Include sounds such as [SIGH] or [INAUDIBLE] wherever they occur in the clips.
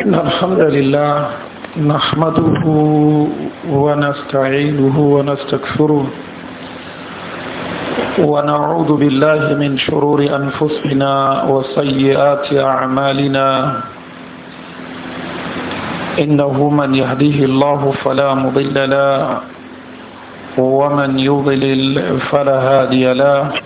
إن الحمد لله نحمده ونستعينه ونستكفره ونعوذ بالله من شرور أنفسنا وسيئات أعمالنا إنه من يهديه الله فلا مضل له ومن يضلل فلا هادي له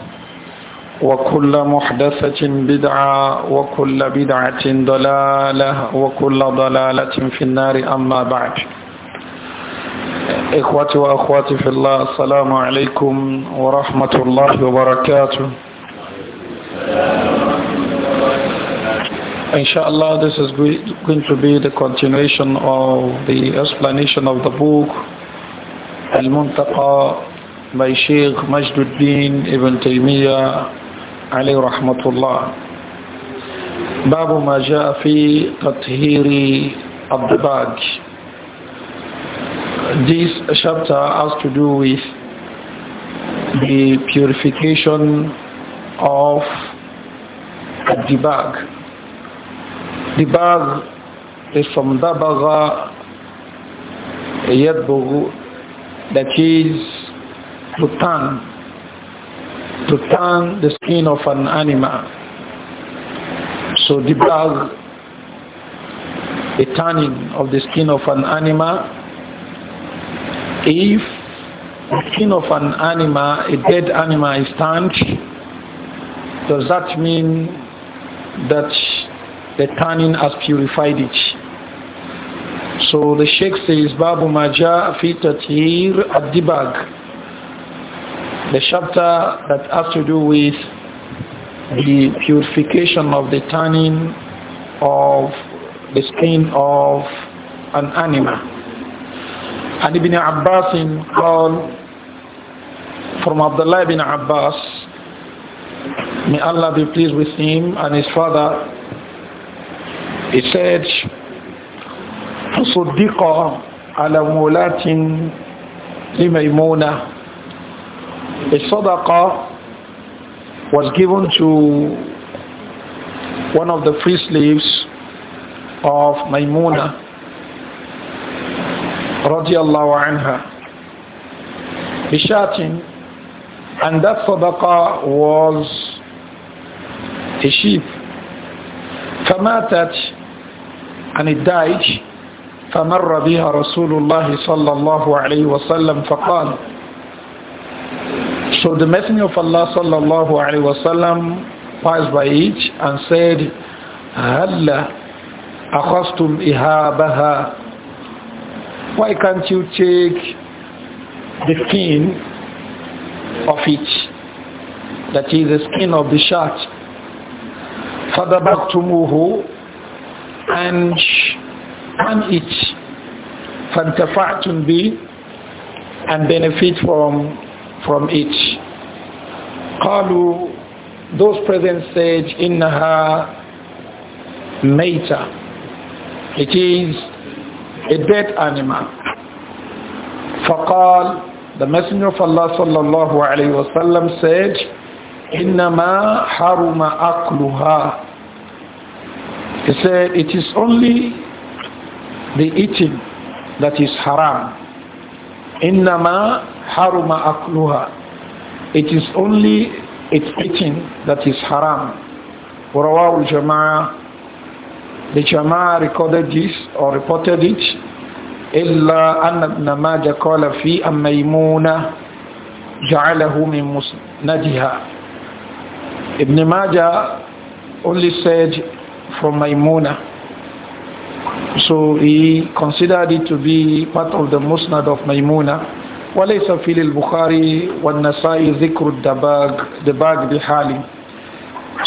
وكل محدثة بدعة وكل بدعة ضلالة وكل ضلالة في النار أما بعد إخوتي وأخواتي في الله السلام عليكم ورحمة الله وبركاته Inshallah, this is going to be the continuation of the explanation of the book Al-Muntaqa by Sheikh Majduddin Ibn Taymiyyah عليه رحمة الله باب ما جاء في تطهير الضباج This chapter has to do with the purification of the bag. The is from dabaga yadbugu that is to tongue to tan the skin of an animal. So debug the tanning of the skin of an animal. If the skin of an animal, a dead animal is tanned, does that mean that the tanning has purified it? So the Sheikh says, Babu Maja ad-dibag the chapter that has to do with the purification of the tanning of the skin of an animal. And Ibn Abbas called from Abdullah ibn Abbas, may Allah be pleased with him and his father, he said, صدق على مولاة لميمونه a sadaqah was given to one of the free slaves of Maimuna radiallahu anha bishatin and that sadaqah was a sheep فماتت and it died فمر بها رسول الله صلى الله عليه وسلم فقال so the Messenger of Allah sallallahu alaihi wasallam passed by each and said, "Halla akhastum ihabaha." Why can't you take the skin of each? That is the skin of the shark. فَذَبَقْتُمُوهُ and and each فَانْتَفَعْتُمْ بِهِ and benefit from from each." قالوا, those present said, إنها ميتة. It is a dead animal. فقال, the Messenger of Allah صلى الله عليه وسلم said, إنما حرم أكلها. He said, it is only the eating that is haram. إنما حرم أكلها. It is only it's eating that is haram. Warawah jamaah the Jama'ah recorded this or reported it. إلا anna ابن ماجة fi في ميمونة جعله min مسندها Ibn Majah only said from Maimuna so he considered it to be part of the musnad of Maimuna وليس في للبخاري والنسائي ذكر الدباغ دباغ بحالي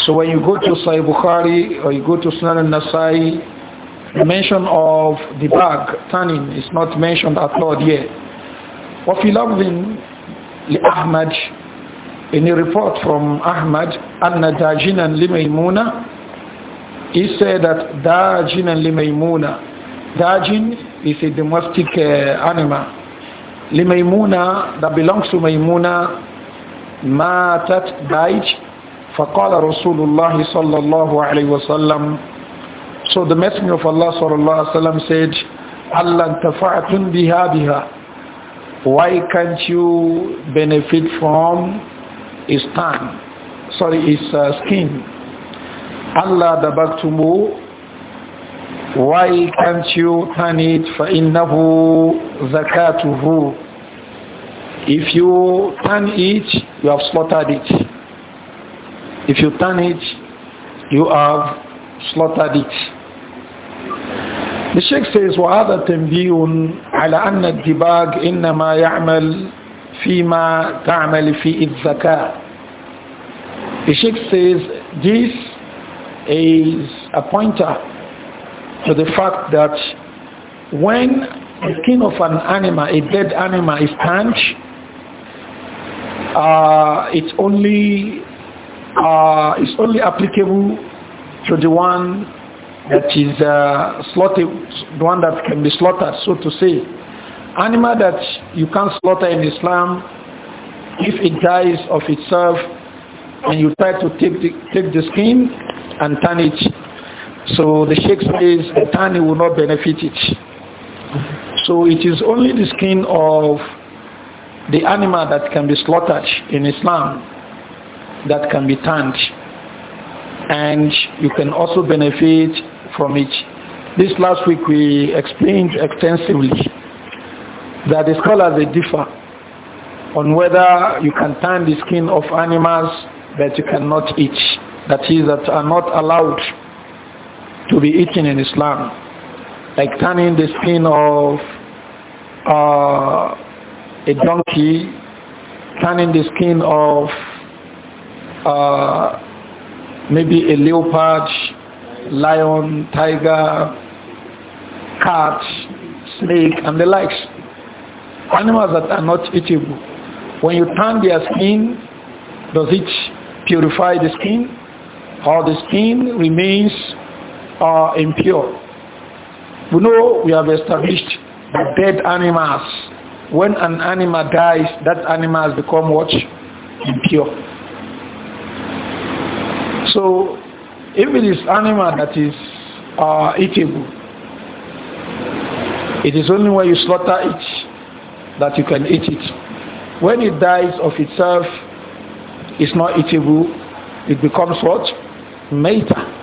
So when you go to Sahih Bukhari or you go to Sunan al-Nasai, mention of the bag, tannin, is not mentioned at all yet. وفي لفظ لأحمد in a report from Ahmad أن داجنا لميمونة he said that داجنا لميمونة داجن is a domestic uh, animal لميمونة that belongs to ميمونة ماتت died فقال رسول الله صلى الله عليه وسلم so the messenger of Allah صلى الله عليه وسلم said ألا انتفعتم بها بها why can't you benefit from his tan sorry his uh, skin ألا دبرتموه why can't you turn it فَإِنَّهُ زَكَاتُهُ If you turn it, you have slaughtered it. If you turn it, you have slaughtered it. The Sheikh says, وَهَذَا تَنْبِيٌ عَلَى أَنَّ الدِّبَاغ إِنَّمَا يَعْمَلْ فيما تعمل فيه الزكاة The Sheikh says this is a pointer to the fact that when the skin of an animal, a dead animal is punched, uh, it's only uh, it's only applicable to the one that is uh, slaughtered, the one that can be slaughtered, so to say. Animal that you can't slaughter in Islam, if it dies of itself, and you try to take the, take the skin and turn it so the Sheikh says the tani will not benefit it. So it is only the skin of the animal that can be slaughtered in Islam that can be tanned. And you can also benefit from it. This last week we explained extensively that the scholars they differ on whether you can tan the skin of animals that you cannot eat, that is, that are not allowed to be eaten in Islam, like turning the skin of uh, a donkey, turning the skin of uh, maybe a leopard, lion, tiger, cat, snake, and the likes. Animals that are not eatable. When you turn their skin, does it purify the skin? Or the skin remains are impure. We know we have established that dead animals, when an animal dies, that animal has become what? Impure. So if it is animal that is uh, eatable, it is only when you slaughter it that you can eat it. When it dies of itself, it's not eatable. It becomes what? Meta.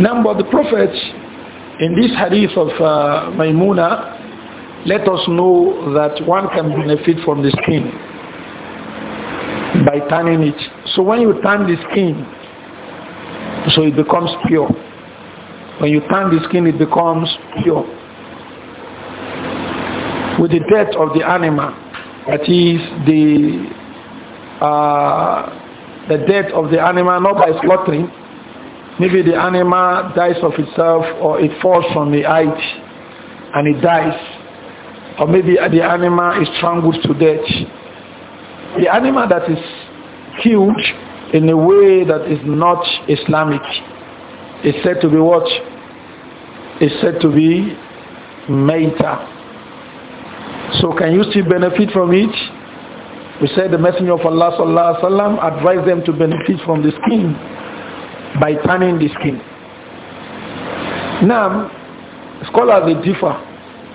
Number of the prophets in this hadith of uh, Maimuna, let us know that one can benefit from the skin by tanning it. So when you tan the skin, so it becomes pure. When you tan the skin, it becomes pure. With the death of the animal, that is the uh, the death of the animal, not by slaughtering, Maybe the animal dies of itself or it falls from the height and it dies. Or maybe the animal is strangled to death. The animal that is killed in a way that is not Islamic is said to be what? Is said to be Maita. So can you still benefit from it? We said the Messenger of Allah sallallahu alaihi wasallam advised them to benefit from the skin by turning the skin. Now, scholars differ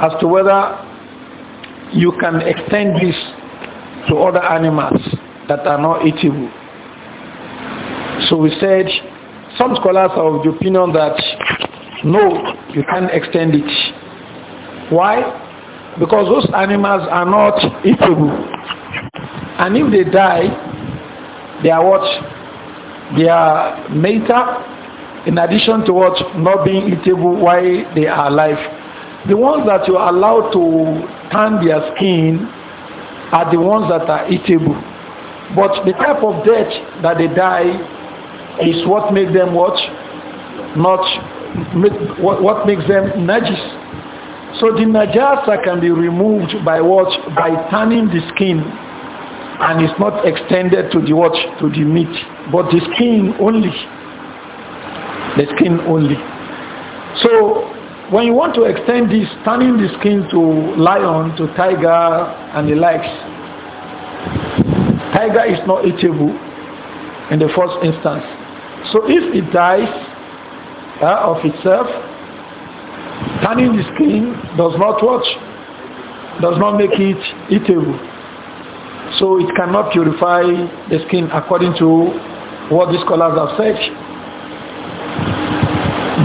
as to whether you can extend this to other animals that are not eatable. So we said some scholars are of the opinion that no, you can't extend it. Why? Because those animals are not eatable. And if they die, they are what? their meta in addition to what not being eatable while they are alive. The ones that you are allowed to tan their skin are the ones that are eatable. But the type of death that they die is what makes them what? Not make, what, what makes them najis. So the najasa can be removed by what? By tanning the skin and it's not extended to the watch to the meat but the skin only the skin only so when you want to extend this turning the skin to lion to tiger and the likes tiger is not eatable in the first instance so if it dies uh, of itself turning the skin does not watch does not make it eatable so it cannot purify the skin according to what the scholars have said.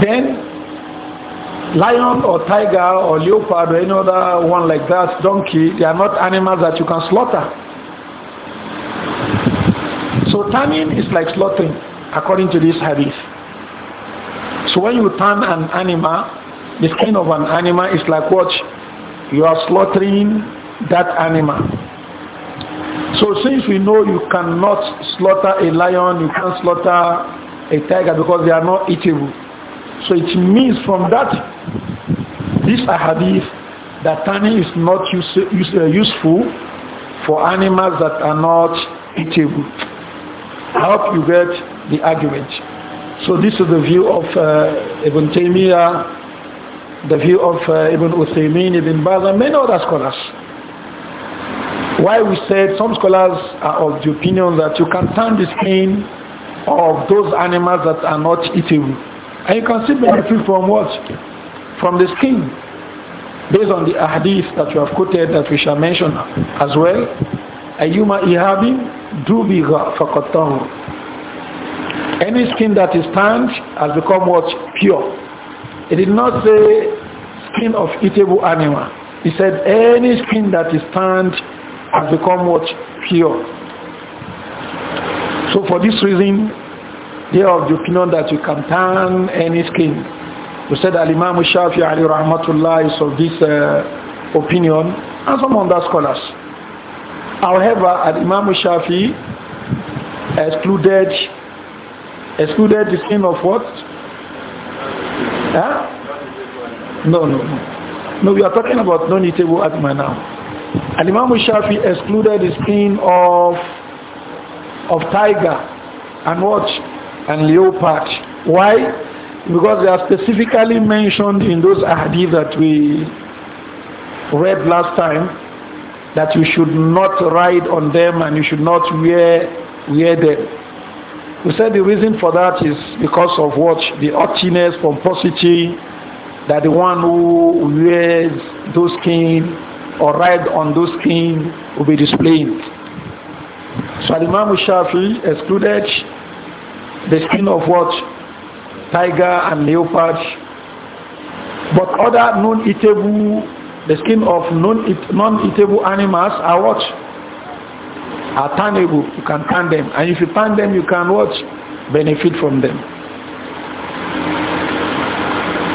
Then lion or tiger or leopard or any other one like that, donkey, they are not animals that you can slaughter. So tanning is like slaughtering according to this hadith. So when you tan an animal, the skin of an animal is like what? You are slaughtering that animal. So since we know you cannot slaughter a lion, you can't slaughter a tiger because they are not eatable. So it means from that, this ahadith, that tanning is not use, use, uh, useful for animals that are not eatable. I hope you get the argument. So this is the view of uh, Ibn Taymiyyah, the view of uh, Ibn Uthaymeen, Ibn Baz, and many other scholars. Why we said some scholars are of the opinion that you can turn the skin of those animals that are not eatable. And you can see benefit from what? From the skin. Based on the hadith that you have quoted that we shall mention as well. Any skin that is tanned has become what? Pure. It did not say skin of eatable animal. He said any skin that is tanned has become what? Pure. So for this reason, they are of the opinion that you can tan any skin. We said Al-Imam Shafi Ali Rahmatullah is of this uh, opinion and some other scholars. However, Al-Imam Shafi excluded excluded the skin of what? Huh? No, no, no. No, we are talking about non-eatable animal. now. And Imam Shafi excluded the skin of of tiger and what? And leopard. Why? Because they are specifically mentioned in those hadith that we read last time that you should not ride on them and you should not wear wear them. We said the reason for that is because of what the haughtiness, pomposity that the one who wears those skin or ride on those things will be displayed. So Imam Shafi excluded the skin of what? Tiger and leopard. But other non-eatable, the skin of non-eatable animals are what? Are turnable. You can turn them. And if you turn them, you can what? Benefit from them.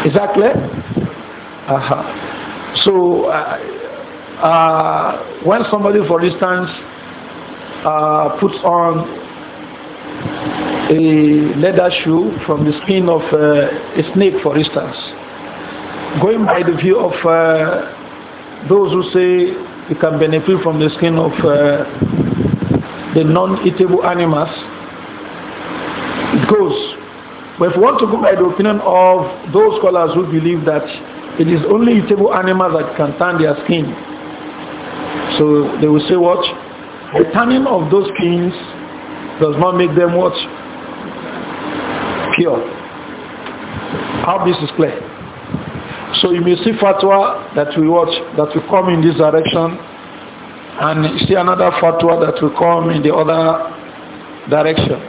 Is that clear? Uh -huh. So uh, uh, when somebody, for instance, uh, puts on a leather shoe from the skin of uh, a snake, for instance, going by the view of uh, those who say you can benefit from the skin of uh, the non-eatable animals, it goes. But if we want to go by the opinion of those scholars who believe that it is only eatable animals that can tan their skin, so they will say what? The turning of those kings does not make them what? Pure. How this is clear. So you may see fatwa that we watch, that will come in this direction, and see another fatwa that will come in the other direction.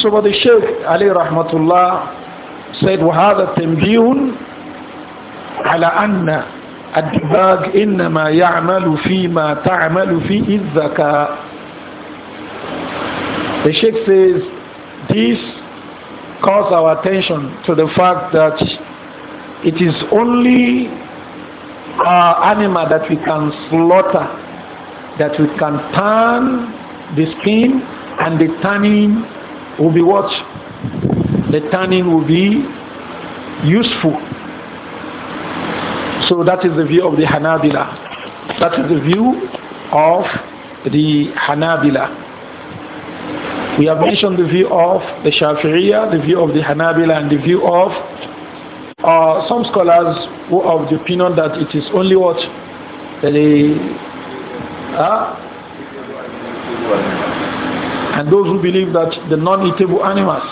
So what the Sheikh Ali Rahmatullah said, وَهَذَا تَنْبِيهٌ عَلَى أَنَّ الدماغ إنما يعمل فيما تعمل فيه الذكاء The Sheikh says this calls our attention to the fact that it is only our animal that we can slaughter, that we can tan the skin and the tanning will be what? The tanning will be useful so that is the view of the Hanabila. That is the view of the Hanabila. We have mentioned the view of the Shafi'iyah, the view of the Hanabila, and the view of uh, some scholars who are of the opinion that it is only what the uh, and those who believe that the non-eatable animals,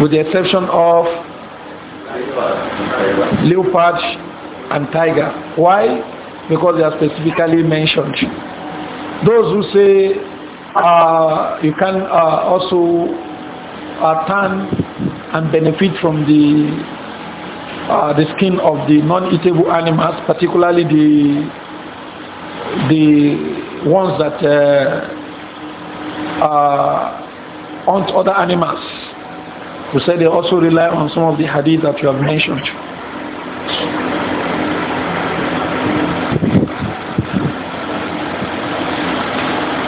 with the exception of leopard and tiger. Why? Because they are specifically mentioned. Those who say uh, you can uh, also uh, and benefit from the uh, the skin of the non-eatable animals, particularly the the ones that uh, uh hunt other animals we said they also rely on some of the hadith that you have mentioned.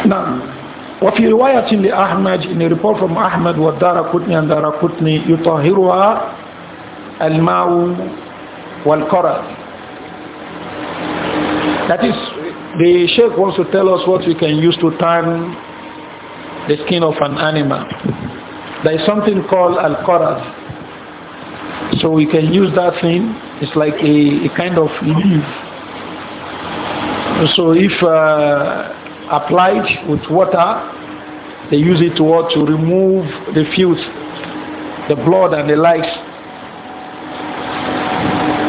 Now, وفي رواية لأحمد in a report from أحمد والدارقطني and دارقطني يطهرها الماء والقرى That is, the Sheikh wants to tell us what we can use to tan the skin of an animal. There is something called al-qaraz. So we can use that thing. It's like a, a kind of leaf. So if uh, applied with water, they use it to, what, to remove the filth, the blood and the likes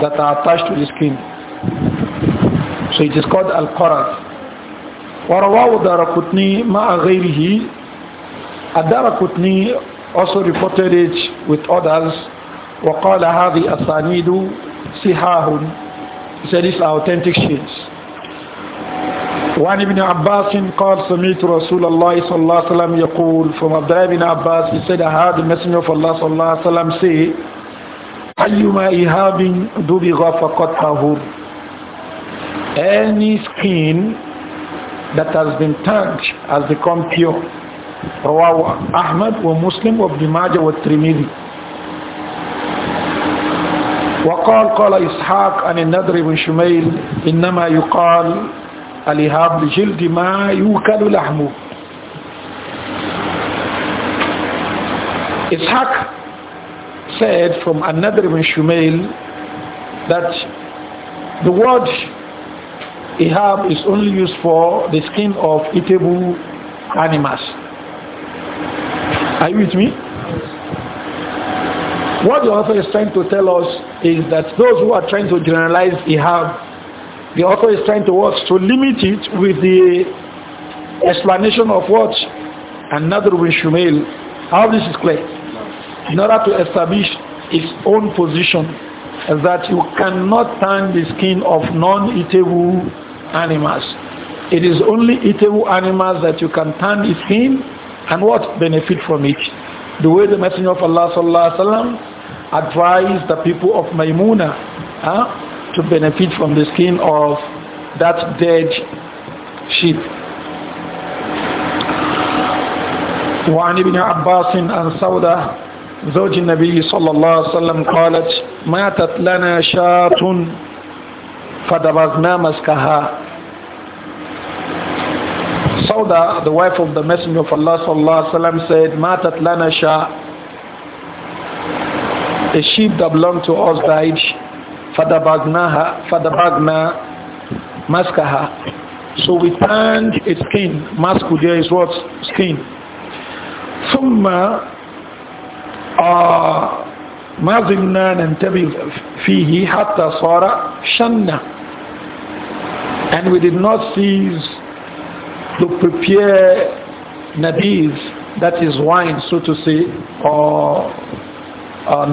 that are attached to the skin. So it is called al-qaraz. ورواه دار قطني مع غيره الدار قطني also reported it with others. وقال هذه أسانيد سهاه He said it's authentic sheets. وعن ابن عباس قال سمعت رسول الله صلى الله عليه وسلم يقول from Abdullah ibn Abbas he said I heard the messenger of Allah صلى الله عليه وسلم say أيما إهاب دبغ فقد طهور any skin that has been touched has become pure رواه أحمد ومسلم وابن ماجه والترمذي وقال قال إسحاق عن النذر بن شميل إنما يقال الإهاب لجلد ما يوكل لحمه إِسْحَاقٌ said from another Ibn Shumail that the word ihab is only used for the skin of eatable animals. Are you with me? What the author is trying to tell us is that those who are trying to generalize have the author is trying to what? To limit it with the explanation of what? Another bin How this is clear? In order to establish its own position that you cannot turn the skin of non-eatable animals. It is only eatable animals that you can turn the skin and what benefit from it? The way the Messenger of Allah sallallahu alaihi wasallam advised the people of Maimuna huh, to benefit from the skin of that dead sheep. وعن ابن عباس عن سودة زوج النبي صلى الله عليه وسلم قالت ماتت لنا شاة فدبغنا مسكها Sauda, the wife of the Messenger of Allah sallallahu said, "Matat lana sha." A sheep that belonged to us died. Fadabagnaha, fadabagna, maskaha. So we turned its skin. Masku there is what skin. Thumma ما زلنا ننتبه fihi hatasara shanna, and we did not cease to prepare nabiz, that is wine, so to say, or uh,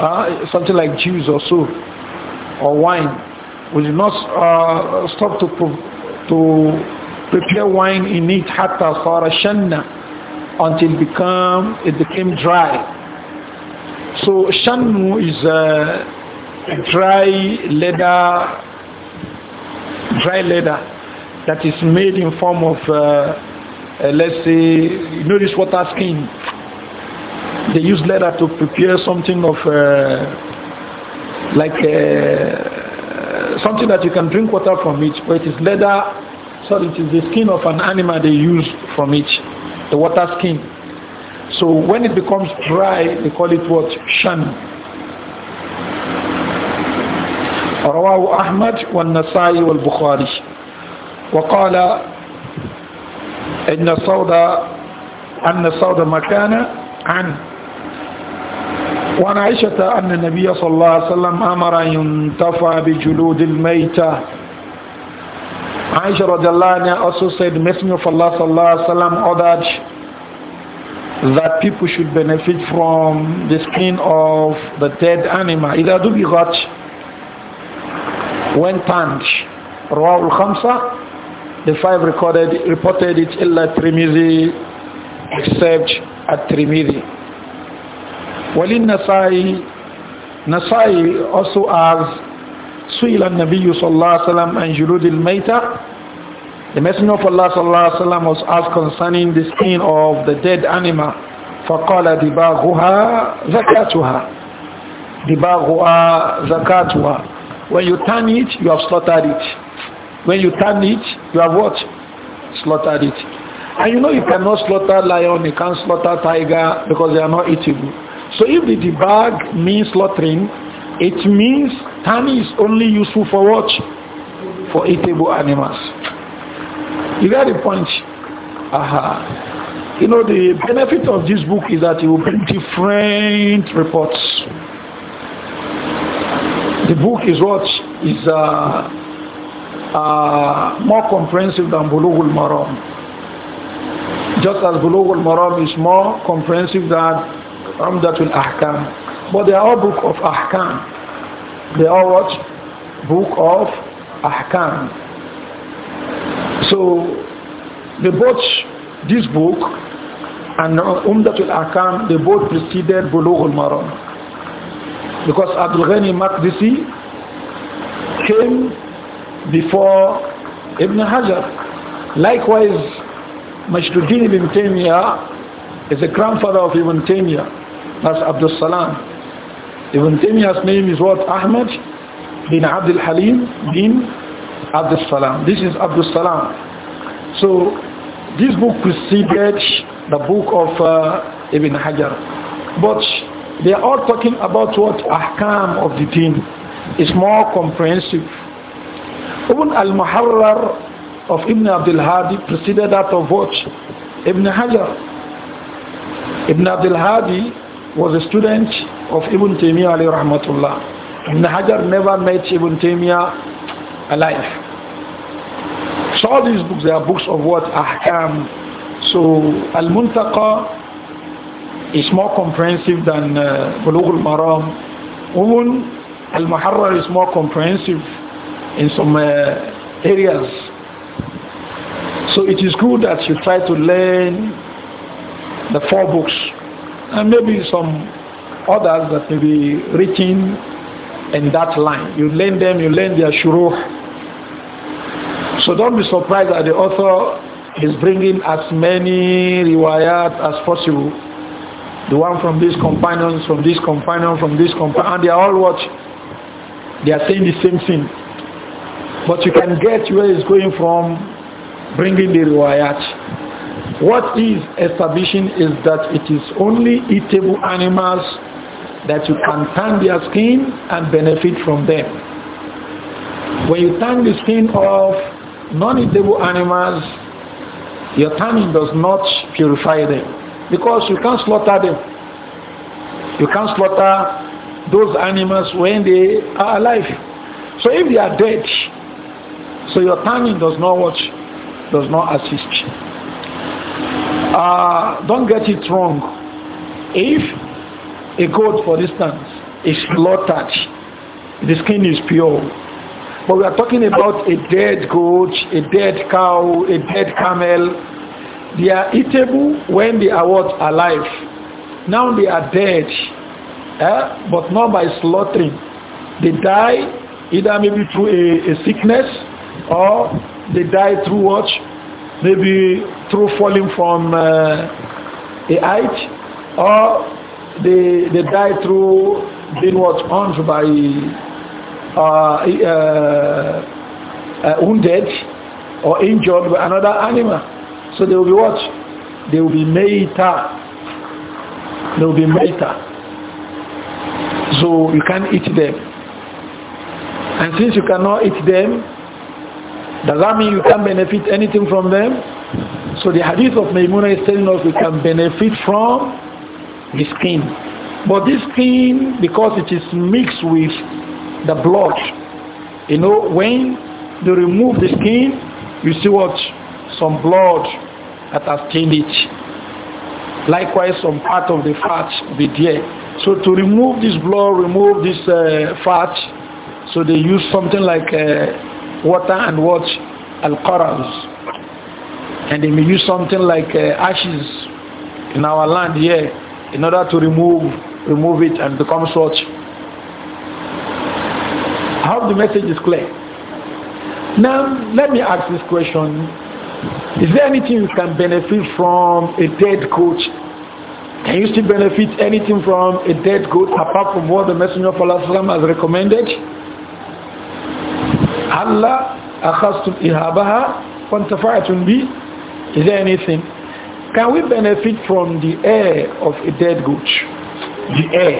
uh, something like juice or so, or wine. We did not uh, stop to, to prepare wine in it hatta sara shanna until it become it became dry. So shannu is a dry leather, dry leather that is made in form of, uh, uh, let's say, you know this water skin. They use leather to prepare something of, uh, like, uh, something that you can drink water from it, but it is leather, so it is the skin of an animal they use from it, the water skin. So when it becomes dry, they call it what? Shan. رواه أحمد والنسائي والبخاري وقال ان الصوت ان الصوت مكان عن وانا عشت ان النبي صلى الله عليه وسلم امر ان ينتفع بجلود الميتة عائشة رضي الله عنها also said messenger of Allah صلى الله عليه وسلم ordered that people should benefit from the skin of the dead animal إذا دبغت when tanned رواه الخمسة The five recorded, reported it illa Trimizi except at Trimizi. Walin Nasai, Nasai also asks, Su'ila Nabi sallallahu alayhi wa and Juludil Maita. The Messenger of Allah sallallahu alaihi wasallam) was asked concerning the skin of the dead animal. فَقَالَ دِبَاغُهَا زَكَاتُهَا دِبَاغُهَا زَكَاتُهَا When you turn it, you have slaughtered it. When you turn it, you have what? Slaughtered it. And you know you cannot slaughter lion, you can't slaughter tiger because they are not eatable. So if the debag means slaughtering, it means turning is only useful for what? For eatable animals. You got the point? Aha. You know, the benefit of this book is that it will bring different reports. The book is what? Is uh, uh, more comprehensive than Bulughul Maram. Just as Bulughul Maram is more comprehensive than Ramdatul Ahkam. But they are all book of Ahkam. They are what? Book of Ahkam. So they both, this book and Umdatul Ahkam, they both preceded Bulughul Maram. Because Abdul Ghani Maqdisi came before Ibn Hajar. Likewise, Majduddin ibn Taymiyyah is the grandfather of Ibn Taymiyyah. That's Abdul Salam. Ibn Taymiyyah's name is what? Ahmed bin Abdul Halim bin Abdul Salam. This is Abdul Salam. So this book preceded the book of uh, Ibn Hajar. But they are all talking about what ahkam of the deen is more comprehensive even Al-Muharrar of Ibn Abdul Hadi preceded that of what? Ibn Hajar. Ibn Abdul Hadi was a student of Ibn Taymiyyah alayhi rahmatullah. Ibn Hajar never met Ibn Taymiyyah alive. So all these books, they are books of what? Ahkam. So Al-Muntaqa is more comprehensive than uh, Bulugh al-Maram. Even Al-Muharrar is more comprehensive in some uh, areas. So it is good that you try to learn the four books and maybe some others that may be written in that line. You learn them, you learn their shuruh. So don't be surprised that the author is bringing as many riwayat as possible. The one from these companions, from this companion, from this companion, and they are all what? They are saying the same thing. But you can get where it's going from bringing the riwayat. What is establishing is that it is only eatable animals that you can tan their skin and benefit from them. When you tan the skin of non-eatable animals, your tanning does not purify them because you can't slaughter them. You can't slaughter those animals when they are alive. So if they are dead, so your timing does not watch, does not assist. Uh, don't get it wrong. If a goat, for instance, is slaughtered, the skin is pure. But we are talking about a dead goat, a dead cow, a dead camel. They are eatable when they are what? Alive. Now they are dead, eh? but not by slaughtering. They die either maybe through a, a sickness or they die through what? Maybe through falling from uh, a height, or they they die through being what harmed by uh, uh, uh, wounded or injured by another animal. So they will be what? They will be meta. They will be meta. So you can't eat them. And since you cannot eat them, does that mean you can't benefit anything from them? So the hadith of Maimuna is telling us we can benefit from the skin. But this skin, because it is mixed with the blood, you know, when they remove the skin, you see what? Some blood that has stained it. Likewise, some part of the fat be there. So to remove this blood, remove this uh, fat, so they use something like uh, water and watch al-qarars. And they may use something like uh, ashes in our land here in order to remove remove it and become such. I hope the message is clear. Now, let me ask this question. Is there anything you can benefit from a dead coach? Can you still benefit anything from a dead goat apart from what the Messenger of Allah has recommended? هلا أخذتم إهابها وانتفعتم بي Is there anything? Can we benefit from the air of a dead goat? The air.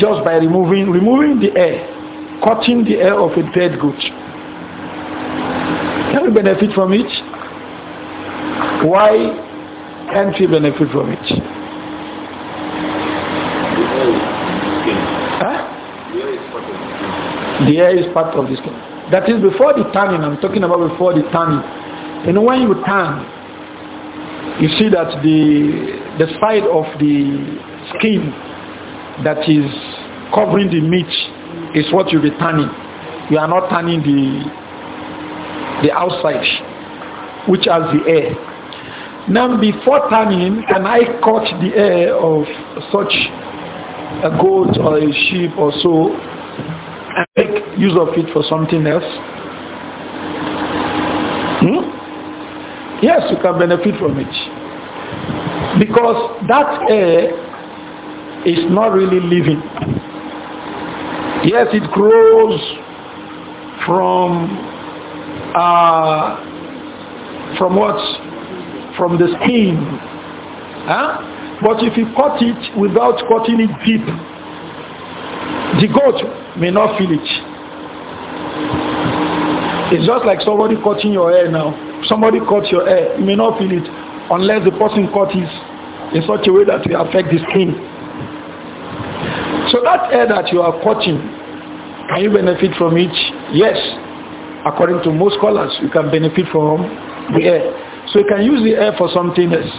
Just by removing removing the air, cutting the air of a dead goat. Can we benefit from it? Why can't we benefit from it? The air is part of the skin. That is before the tanning. I'm talking about before the tanning. You know, when you tan, you see that the the side of the skin that is covering the meat is what you'll be tanning. You are not tanning the the outside, which has the air. Now, before tanning, can I cut the air of such a goat or a sheep or so use of it for something else? Hmm? Yes, you can benefit from it. Because that air is not really living. Yes, it grows from uh, from what? From the skin. Huh? But if you cut it without cutting it deep, the goat may not feel it. It's just like somebody cutting your hair now. Somebody cuts your hair. You may not feel it unless the person cuts it in such a way that will affect the skin. So that hair that you are cutting, can you benefit from it? Yes. According to most scholars, you can benefit from the hair. So you can use the hair for something else.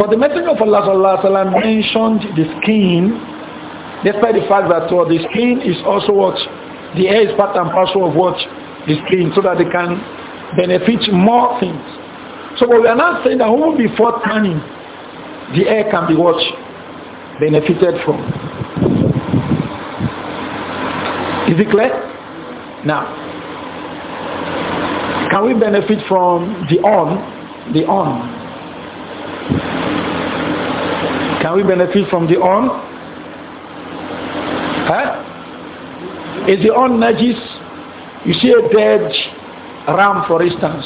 But the Messenger of Allah mentioned the skin Despite the fact that well, the skin is also what? The air is part and parcel of what? The skin so that they can benefit more things. So we are not saying that who before turning, the air can be what? Benefited from. Is it clear? Now, can we benefit from the on? The on. Can we benefit from the on? Is the on najis? You see a dead ram, for instance.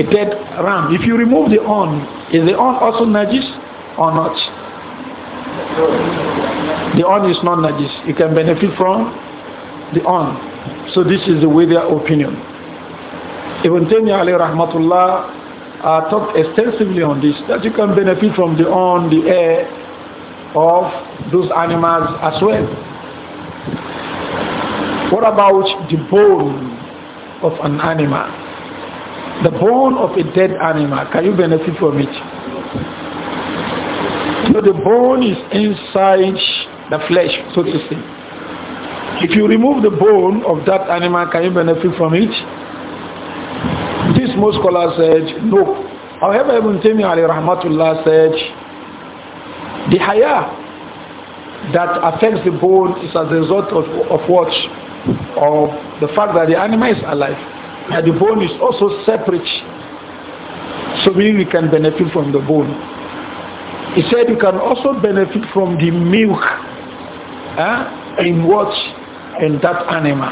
A dead ram. If you remove the on, is the on also najis or not? The on is not najis. You can benefit from the on. So this is the way their opinion. Ibn Taymiyyah alayhi rahmatullah uh, talked extensively on this, that you can benefit from the on, the air of those animals as well. What about the bone of an animal? The bone of a dead animal, can you benefit from it? You the bone is inside the flesh, so to say. If you remove the bone of that animal, can you benefit from it? This most scholars said, no. However, Ibn Taymiyyah Rahmatullah said, the haya that affects the bone is as a result of, of what? Of the fact that the animal is alive. And the bone is also separate. So meaning we can benefit from the bone. He said you can also benefit from the milk eh, in what? In that animal.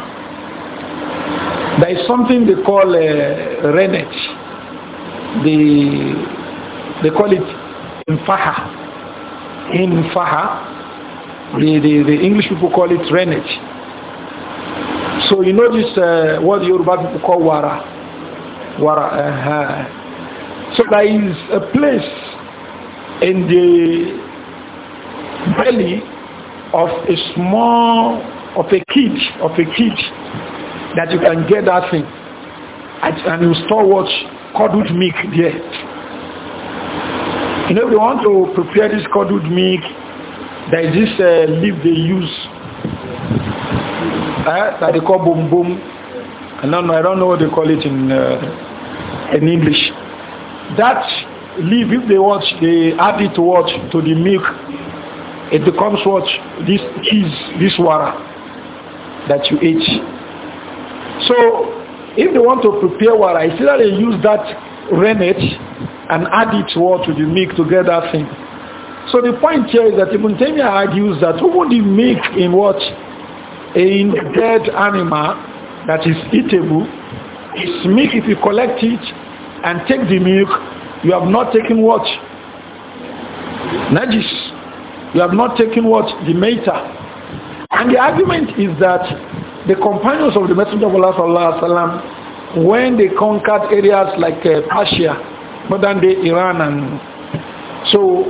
There is something they call uh, rennet. They, they call it infaha. Infaha the, the, the English people call it drainage. So you notice uh, what the Yoruba people call wara. Wara. Uh -huh. So there is a place in the belly of a small, of a kid, of a kid, that you can get that thing. And, and you store what cordwood milk there. You know, if you want to prepare this cordwood milk, there is this uh, leaf they use uh, that they call boom boom. I don't know, I don't know what they call it in uh, in English. That leaf, if they watch, they add it to what to the milk. It becomes what this is this water that you eat. So if they want to prepare water, see that they use that rennet and add it to, to the milk to get that thing. So the point here is that Ibn Taymiyyah argues that even the meat in what? In dead animal that is eatable, is meat if you collect it and take the milk, you have not taken what? Najis. You have not taken what? The matter. And the argument is that the companions of the Messenger of Allah sallallahu alaihi wasallam, when they conquered areas like uh, Persia, modern day Iran, and so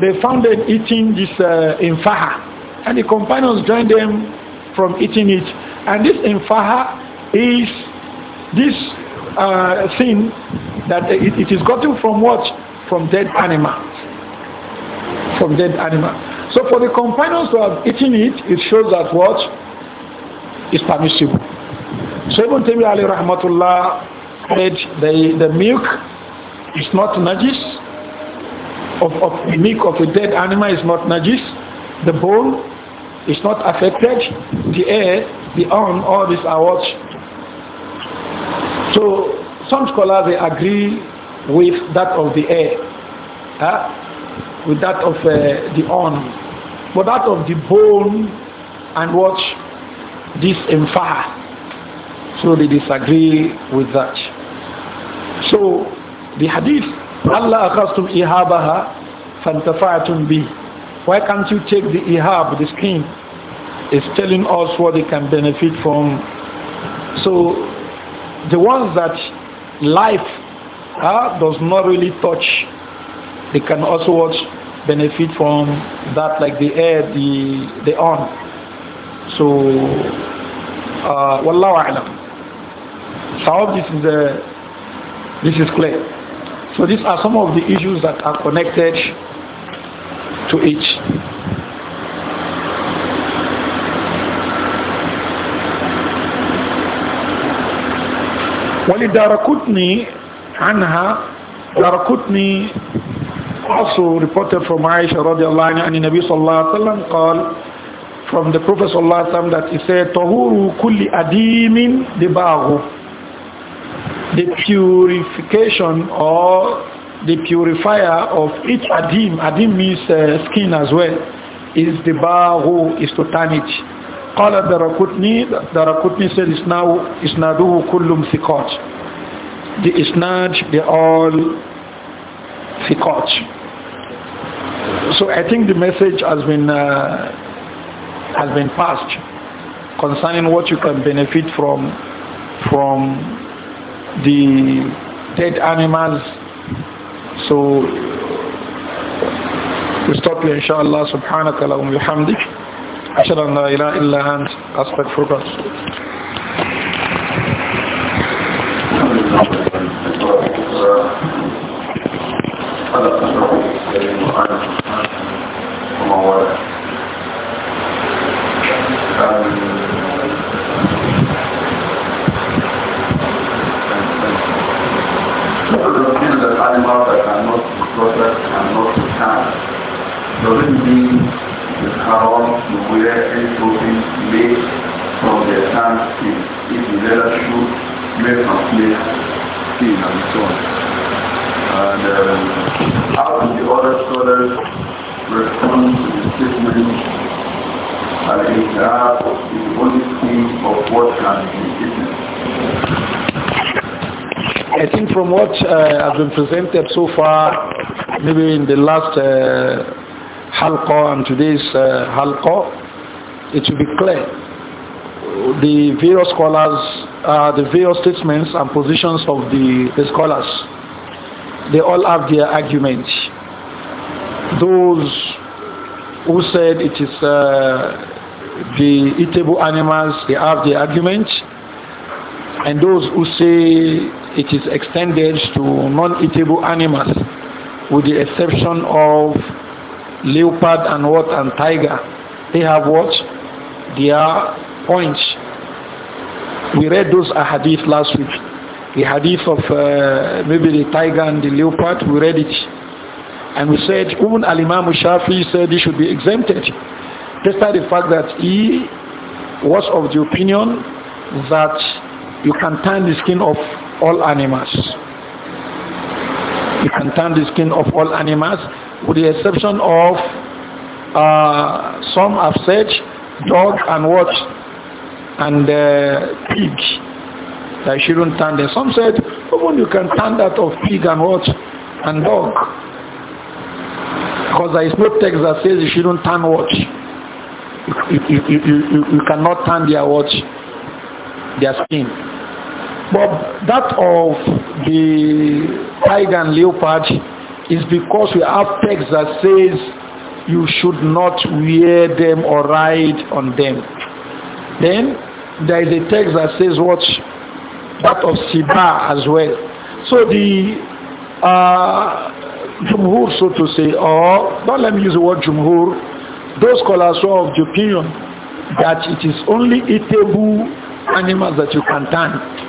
they found them eating this uh, infaha. And the companions joined them from eating it. And this infaha is this uh, thing that it, it is gotten from what? From dead animal. From dead animal. So for the companions who have eaten it, it shows that what is permissible. So Ibn Taymiyyah Rahmatullah said the, the milk is not najis of, of the meat of a dead animal is not najis, the bone is not affected, the air, the arm, all these are what? So some scholars they agree with that of the air, huh? with that of uh, the arm, but that of the bone and what this infar. So they disagree with that. So the hadith Allah akhastum ihabaha fantafa'atum bih. Why can't you take the ihab, the skin? It's telling us what they can benefit from. So the ones that life uh, does not really touch, they can also watch, benefit from that like the air, the, the on. So, uh, Wallahu A'lam. So this is, uh, this is clear. So these are some of the issues that are connected to it. ولداركتني عنها داركتني also reported from Aisha رضي الله عنها أن النبي صلى الله عليه وسلم قال from the Prophet صلى الله عليه وسلم that he said طهور كل أديم دباغه the purification or the purifier of each adim, adim means uh, skin as well, is the bahu, is to turn it. darakutni. الدرقطني الدرقطني said إسناه إسناده kullum ثقات the إسناد they all ثقات so I think the message has been uh, has been passed concerning what you can benefit from from the dead animals. So we stop here inshallah. Subhanaka lahum bihamdik. أشهد أن لا إله إلا أنت أستغفرك been presented so far, maybe in the last uh, halqa and today's uh, halqa, it will be clear. The various scholars, uh, the various statements and positions of the, the scholars, they all have their arguments. Those who said it is uh, the eatable animals, they have their argument. And those who say it is extended to non-eatable animals with the exception of leopard and what and tiger. They have what? Their points. We read those hadith last week. The hadith of uh, maybe the tiger and the leopard, we read it. And we said, even Al-Imam Shafi said he should be exempted. Despite the fact that he was of the opinion that you can turn the skin of all animals. You can tan the skin of all animals with the exception of uh, some have said dog and what and uh, pig that shouldn't tan them. Some said even you can tan that of pig and what and dog because there is no text that says you shouldn't tan what you, you, you, you, you cannot tan their watch, their skin. But that of the tiger and leopard is because we have text that says you should not wear them or ride on them. Then there is a text that says what that of Siba as well. So the uh, Jumhur, so to say, or don't let me use the word Jumhur, those scholars are of the opinion that it is only eatable animals that you can tan.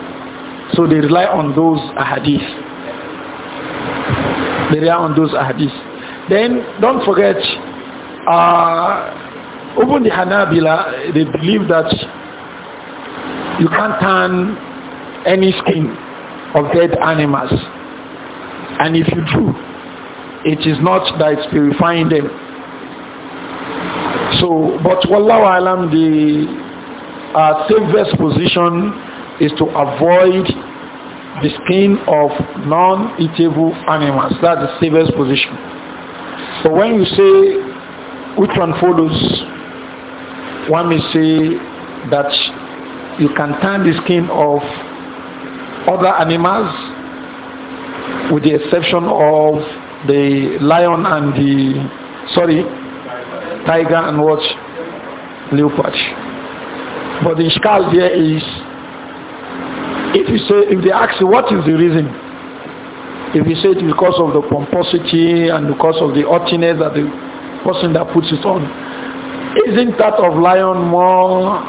So they rely on those ahadith. They rely on those ahadith. Then don't forget, uh, even the Hanabila, they believe that you can't turn any skin of dead animals. And if you do, it is not that it's purifying them. So, but Wallahu Alam, the uh, safest position is to avoid the skin of non-eatable animals. That's the safest position. But when you say which one follows, one may say that you can tan the skin of other animals with the exception of the lion and the, sorry, tiger and what? Leopard. But the scale there is if you say, if they ask you what is the reason, if you say it's because of the pomposity and because of the haughtiness that the person that puts it on, isn't that of lion more?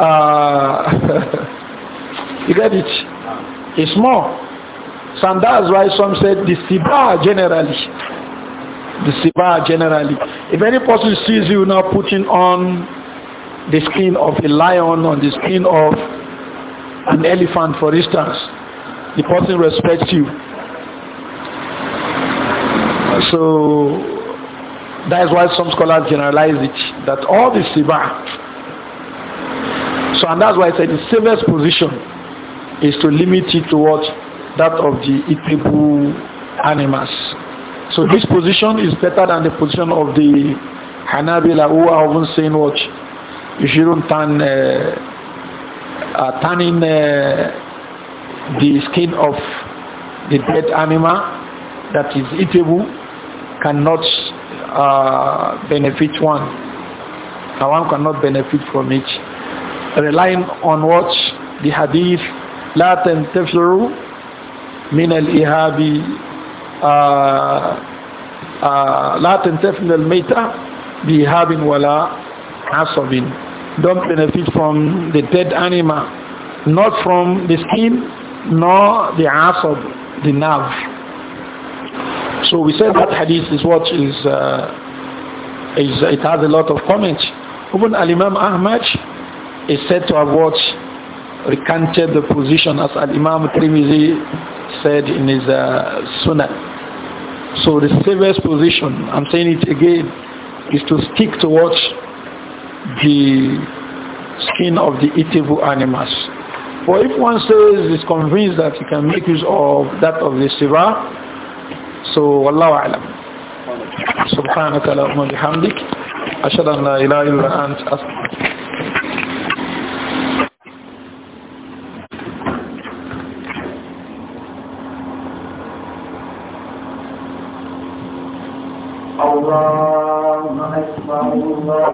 Uh, [LAUGHS] you get it? It's more. So that's why some said the siba generally. The siba generally. If any person sees you now putting on the skin of a lion, on the skin of an elephant, for instance, the person respects you. So that is why some scholars generalize it, that all the sibah. So and that's why I said the safest position is to limit it to what? That of the eatable animals. So this position is better than the position of the Hanabila who are often saying You shouldn't turn uh, uh, turning uh, the skin of the dead animal that is eatable cannot uh, benefit one. one cannot benefit from it. Relying on what the hadith, لا تنتفروا من الإهاب لا تنتفر الميتة بإهاب ولا عصب don't benefit from the dead animal, not from the skin, nor the of the nerve. So we said that hadith is what is, uh, is it has a lot of comments. Even Al-Imam Ahmad is said to have what recanted the position as Al-Imam Trimizi said in his uh, Sunnah. So the safest position, I'm saying it again, is to stick to what the skin of the eatable animals. For if one says is convinced that he can make use of that of the sirah, so Wallahu Alam. سبحانك اللهم وبحمدك أشهد أن لا إله إلا أنت أستغفرك